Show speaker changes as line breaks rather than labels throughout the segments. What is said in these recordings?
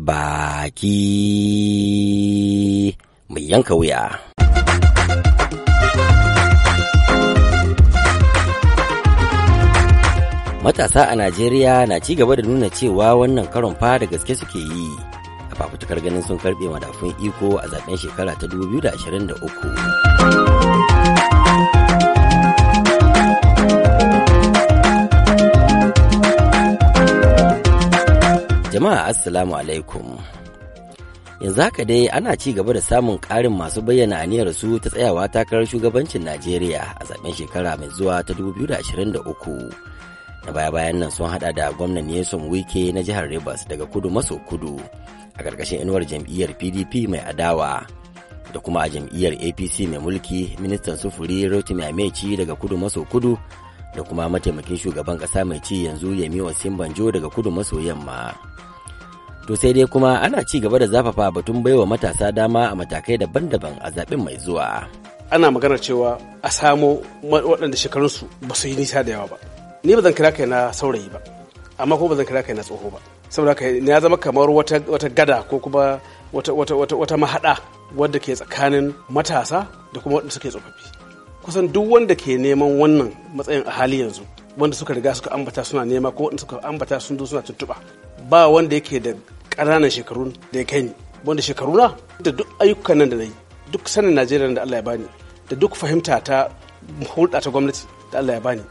baki mai yanka wuya. Matasa a Najeriya na ci gaba da nuna cewa wannan karon fa da gaske suke yi a fafutukar ganin sun karɓe madafun iko a zaben shekara ta 2023. Jama'a Assalamu alaikum. Yanzu haka dai ana ci gaba da samun ƙarin masu bayyana aniyar su ta tsayawa takarar shugabancin Najeriya a zaben shekara mai zuwa ta 2023. Na baya-bayan nan sun hada da gwamnan Nyesom Wike na jihar Rivers daga kudu maso kudu a ƙarƙashin inuwar jam'iyyar PDP mai adawa da kuma a jam'iyyar APC mai mulki ministan sufuri Rotimi Amechi daga kudu maso kudu da kuma mataimakin shugaban ƙasa mai ci yanzu Yemi banjo daga kudu maso yamma. to sai dai kuma ana ci gaba da zafafa batun baiwa matasa dama a matakai daban-daban a zaɓen mai zuwa
ana magana cewa a samo waɗanda shekarunsu ba su yi nisa da yawa ba ni ba zan kira kai na saurayi ba amma ko ba zan kira kai na tsoho ba saboda kai ya zama kamar wata, wata gada ko kuma wata, wata, wata, wata mahaɗa wadda ke tsakanin matasa da kuma waɗanda suke tsofaffi kusan duk wanda ke neman wannan matsayin a hali yanzu wanda suka riga suka ambata suna nema ko wanda suka ambata sun zo suna tuntuɓa ba wanda yake da ƙananan shekarun da ya kai ni wanda shekaruna da duk ayyukan nan da na yi duk sanin najeriya da allah ya bani da duk fahimta ta hulɗa ta gwamnati da allah ya bani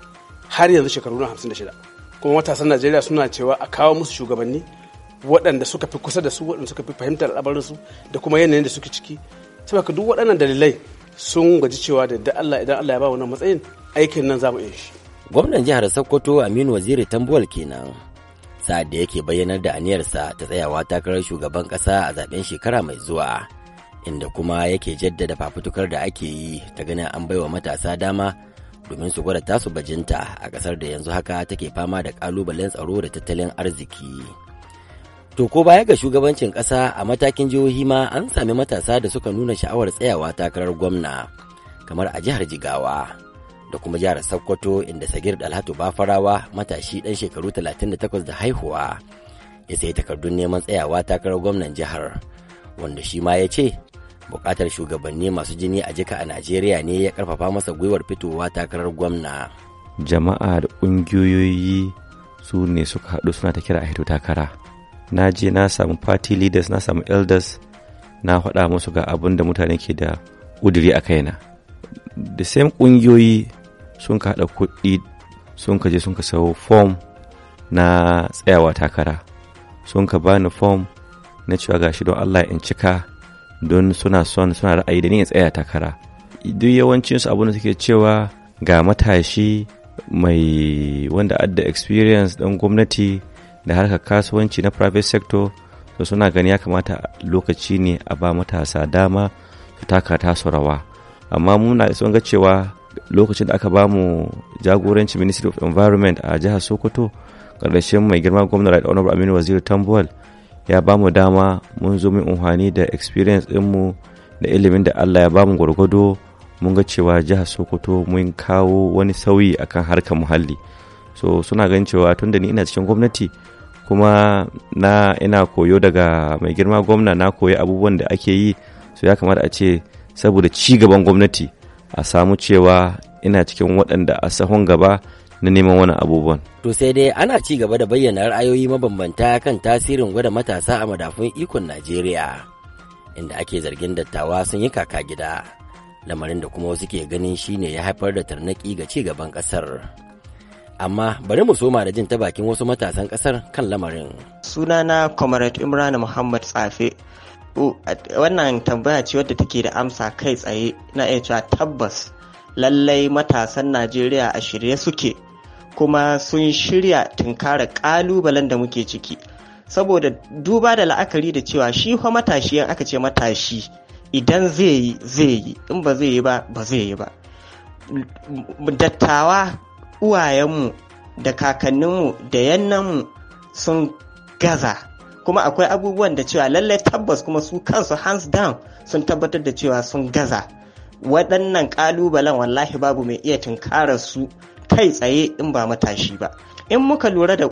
har yanzu shekaruna hamsin da shida kuma matasan najeriya suna cewa a kawo musu shugabanni waɗanda suka fi kusa da su waɗanda suka fi fahimtar su da kuma yanayin da suke ciki saboda duk waɗannan dalilai sun gaji cewa da da allah idan allah ya ba wannan matsayin aikin nan za mu iya shi
gwamnan jihar sokoto aminu waziri tambuwal kenan sa'ad da yake bayyanar da aniyarsa ta tsayawa takarar shugaban ƙasa a zaben shekara mai zuwa inda kuma yake jaddada fafutukar da ake yi ta ganin an baiwa matasa dama domin su gwada tasu bajinta a ƙasar da yanzu haka take fama da ƙalubalen tsaro da tattalin arziki. To ko baya ga shugabancin ƙasa a matakin jihohi ma an sami matasa da suka nuna sha'awar tsayawa takarar gwamna kamar a jihar Jigawa. da kuma jihar Sokoto inda Sagir Dalhatu Bafarawa matashi ɗan shekaru 38 da haihuwa ya sayi takardun neman tsayawa takarar gwamnan jihar wanda shi ma ya ce bukatar shugabanni masu jini a jika a Najeriya ne ya karfafa masa gwiwar fitowa takarar gwamna.
Jama'a da ƙungiyoyi su ne suka haɗu suna ta kira a hito takara. Na je na samu party leaders na samu elders na faɗa musu ga abin da mutane ke da ƙuduri a kaina. da same ƙungiyoyi sun ka haɗa kuɗi sun ka je sun ka sayo fom na tsayawa takara sun ka bani fom na cewa gashi don Allah in cika don suna son suna ra'ayi da ni in tsaya takara duk yawancinsu abin da suke cewa ga matashi mai wanda adda experience ɗan gwamnati da harka kasuwanci na private sector to suna gani ya kamata lokaci ne a ba matasa dama su taka rawa amma muna son ga cewa lokacin da aka ba mu jagoranci ministry of environment a jihar sokoto ƙarshen mai girma gwamna right honorable aminu waziri tambuwal ya ba mu dama mun zo min unhani da experience mu da ilimin da allah ya ba mu gwargwado mun ga cewa jihar sokoto mun kawo wani sauyi akan harkar muhalli so suna ganin cewa tun da ni ina cikin gwamnati kuma na ina koyo daga mai girma gwamna na koyi abubuwan da ake yi so ya kamata a ce saboda ci gaban gwamnati a samu cewa ina cikin waɗanda a sahun gaba na neman wani abubuwan.
To sai dai ana ci gaba da bayyana ra'ayoyi mabambanta kan tasirin gwada matasa a madafun ikon Najeriya, inda ake zargin dattawa sun yi kaka gida, lamarin da kuma wasu ke ganin shine ya haifar da tarnaki ga ci gaban ƙasar. amma
bari mu soma da jin ta bakin wasu matasan ƙasar kan lamarin. Sunana Comrade Imran Muhammad Tsafe wannan tambaya ce wadda take da amsa kai tsaye na iya cewa tabbas lallai matasan najeriya a shirye suke kuma sun shirya tunkara kalubalen da muke ciki saboda duba da la'akari da cewa shi fa matashi yan aka ce matashi idan zai yi zai yi in ba zai yi ba ba zai yi ba dattawa uwayenmu da kakanninmu da yannanmu sun gaza kuma akwai abubuwan da cewa lallai tabbas kuma su kansu hands down sun tabbatar da cewa sun gaza waɗannan ƙalubalen wallahi babu mai iya tunkara su kai tsaye in ba matashi ba in muka lura da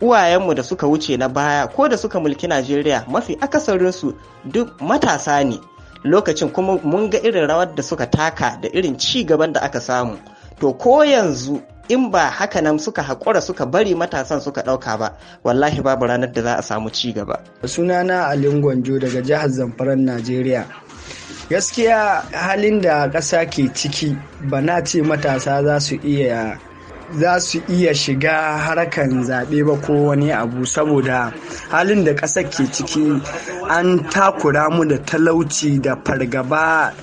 uwayenmu da suka wuce na baya ko da suka mulki najeriya mafi akasarinsu duk matasa ne lokacin kuma mun ga irin rawar da suka taka da irin ci gaban da aka samu to ko yanzu in ba haka nan suka haƙura suka bari matasan suka ɗauka ba wallahi babu ranar da za a samu ci gaba. sunana
alin gwanjo daga jihar zamfaran najeriya gaskiya halin da ƙasa ke ciki bana ce matasa za su iya za su iya shiga harkan zaɓe ba ko wani abu saboda halin da ƙasa ke ciki an takura mu da talauci da fargaba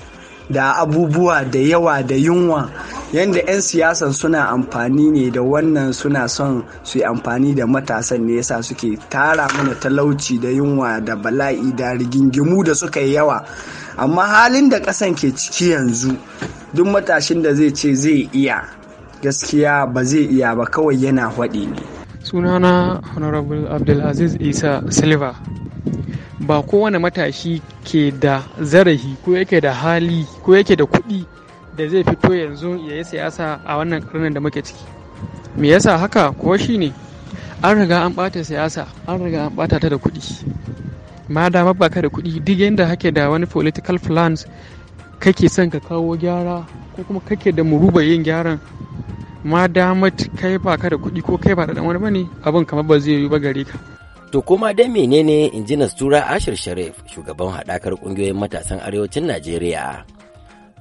da abubuwa da yawa da yunwa yadda 'yan siyasan suna amfani ne da wannan suna son su yi amfani da matasan ne yasa suke tara mana talauci da yunwa da bala'i da rigingimu da suka yi yawa amma halin da ƙasan ke ciki yanzu duk matashin da zai ce zai iya gaskiya ba zai iya ba kawai
yana haɗi ne
sunana honorable abdulaziz isa silva ba kowane matashi ke da zarahi ko yake da hali ko yake da kuɗi da zai fito yanzu ya yi siyasa a wannan karnin da muke ciki me yasa haka ko shi ne an riga an ɓata siyasa an riga an ɓata ta da kuɗi ma da ka da kuɗi duk yadda hake da wani political plans kake son ka kawo
gyara ko kuma kake da muruba yin gyaran ma damat kai baka da kuɗi ko kai ba da wani bane abin kamar ba zai yi ba gare ka To kuma dai menene injinas Tura Ashir Sharif shugaban haɗakar ƙungiyoyin matasan arewacin Najeriya.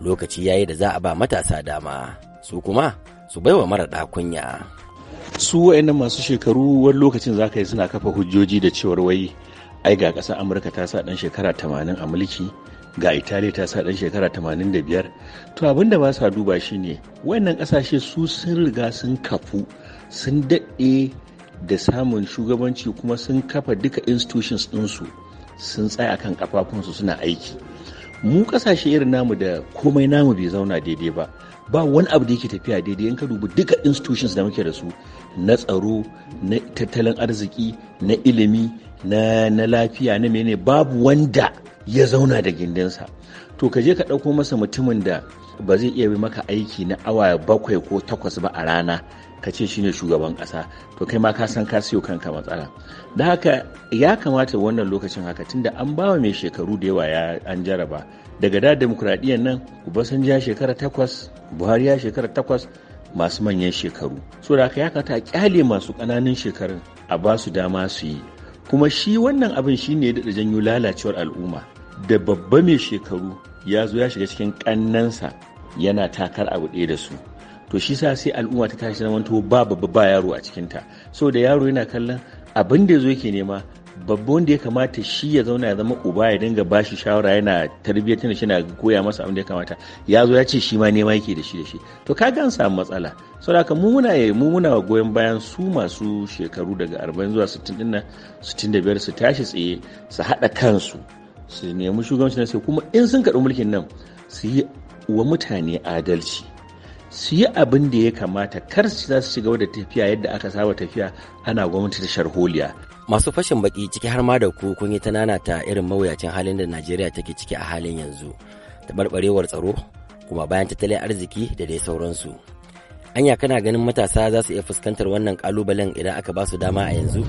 Lokaci yayi da za a ba matasa dama, su kuma su baiwa mara ɗakunya.
Su wa'annan masu shekaru wani lokacin za ka yi suna kafa hujjoji da cewar wai ai ga ƙasar Amurka ta sa ɗan shekara tamanin a mulki ga Italiya ta sa ɗan shekara tamanin da biyar. To abin da ba sa duba shi shine wayannan ƙasashe su sun riga sun kafu sun daɗe da samun shugabanci kuma sun kafa duka institutions ɗinsu sun tsaya kan kafafunsu suna aiki mu kasashe irin namu da komai namu bai zauna daidai ba ba wani abu da yake tafiya daidai in ka dubi duka institutions da muke da su na tsaro na tattalin arziki na ilimi na lafiya na mene babu wanda ya zauna da gindinsa to ka je ka ɗauko masa mutumin da ba zai iya maka aiki na awa bakwai ko takwas ba a rana ka ce shine shugaban ƙasa to kai ma ka san ka siyo kanka matsala da haka ya kamata wannan lokacin haka tun da an bawa mai shekaru da yawa ya an jaraba daga da demokuraɗiyyar nan ubasan ja shekara takwas buhari ya shekara takwas masu manyan shekaru so da haka ya kamata a kyale masu ƙananan shekarun a ba su dama su yi kuma shi wannan abin shi ne da janyo lalacewar al'umma da babba mai shekaru ya zo ya shiga cikin ƙannansa yana takar abu ɗaya da su to shi sa sai al'umma ta tashi zama to ba babba ba yaro a cikinta saboda yaro yana kallon abin da ya zo yake nema babba wanda ya kamata shi ya zauna ya zama uba ya dinga bashi shawara yana tarbiyyar shi na koya masa abin da ya kamata ya zo ya ce shi ma nema yake da shi da shi to ka an samu matsala saboda mu muna mu muna goyon bayan su masu shekaru daga arba'in zuwa 60 din nan 65 su tashi tsaye su hada kansu su nemi shugabanci na sai kuma in sun karɓi mulkin nan su yi wa mutane adalci su yi abin da ya kamata kar su za su shiga gaba tafiya yadda
aka saba tafiya ana gwamnati da sharholiya masu fashin baki ciki har ma da ku kun yi ta nanata irin mawuyacin halin da najeriya take ciki a halin yanzu taɓarɓarewar tsaro kuma bayan tattalin arziki da dai sauransu anya kana ganin matasa za su iya fuskantar wannan kalubalen idan aka ba su dama a yanzu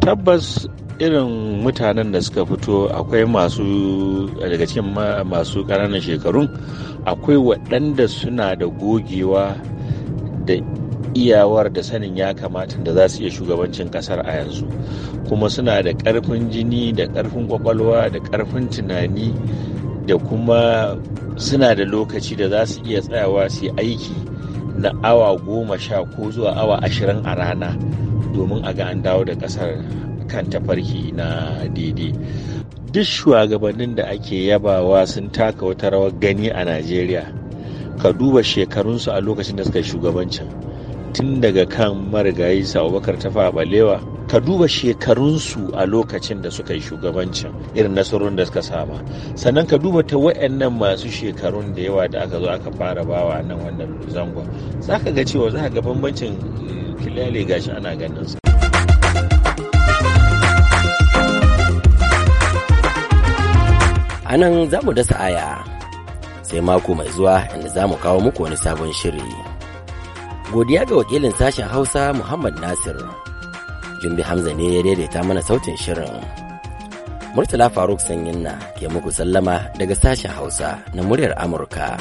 tabbas irin mutanen da
suka fito akwai masu daga cikin masu ƙananan shekarun akwai waɗanda suna da gogewa da iyawar da sanin ya kamata da za su iya shugabancin kasar a yanzu kuma suna da karfin jini da karfin kwakwalwa da karfin tunani da kuma suna da lokaci da za su iya tsayawa su yi aiki na awa goma sha ko zuwa awa ashirin a rana domin a ga an dawo da ƙasar kan tafarki na daidai duk shugabannin da ake yabawa sun taka wata rawar gani a najeriya ka duba shekarunsu a lokacin da suka shugabancin tun daga kan marigayi abubakar tafa balewa ka duba shekarunsu a lokacin da suka yi shugabancin irin nasarorin da suka sama sannan ka duba ta wayannan masu shekarun da yawa da aka zo aka fara bawa nan wannan zangon za ka ga cewa za ka ga bambancin eh, kilale
gashi ana ganin su a nan za mu dasa aya sai mako mai zuwa inda za mu kawo muku wani sabon shiri Godiya ga wakilin sashen Hausa Muhammad Nasir. Jumbi Hamza ne ya daidaita mana sautin shirin. Murtala Faruk Sanyin na ke muku sallama daga sashen Hausa na muryar Amurka.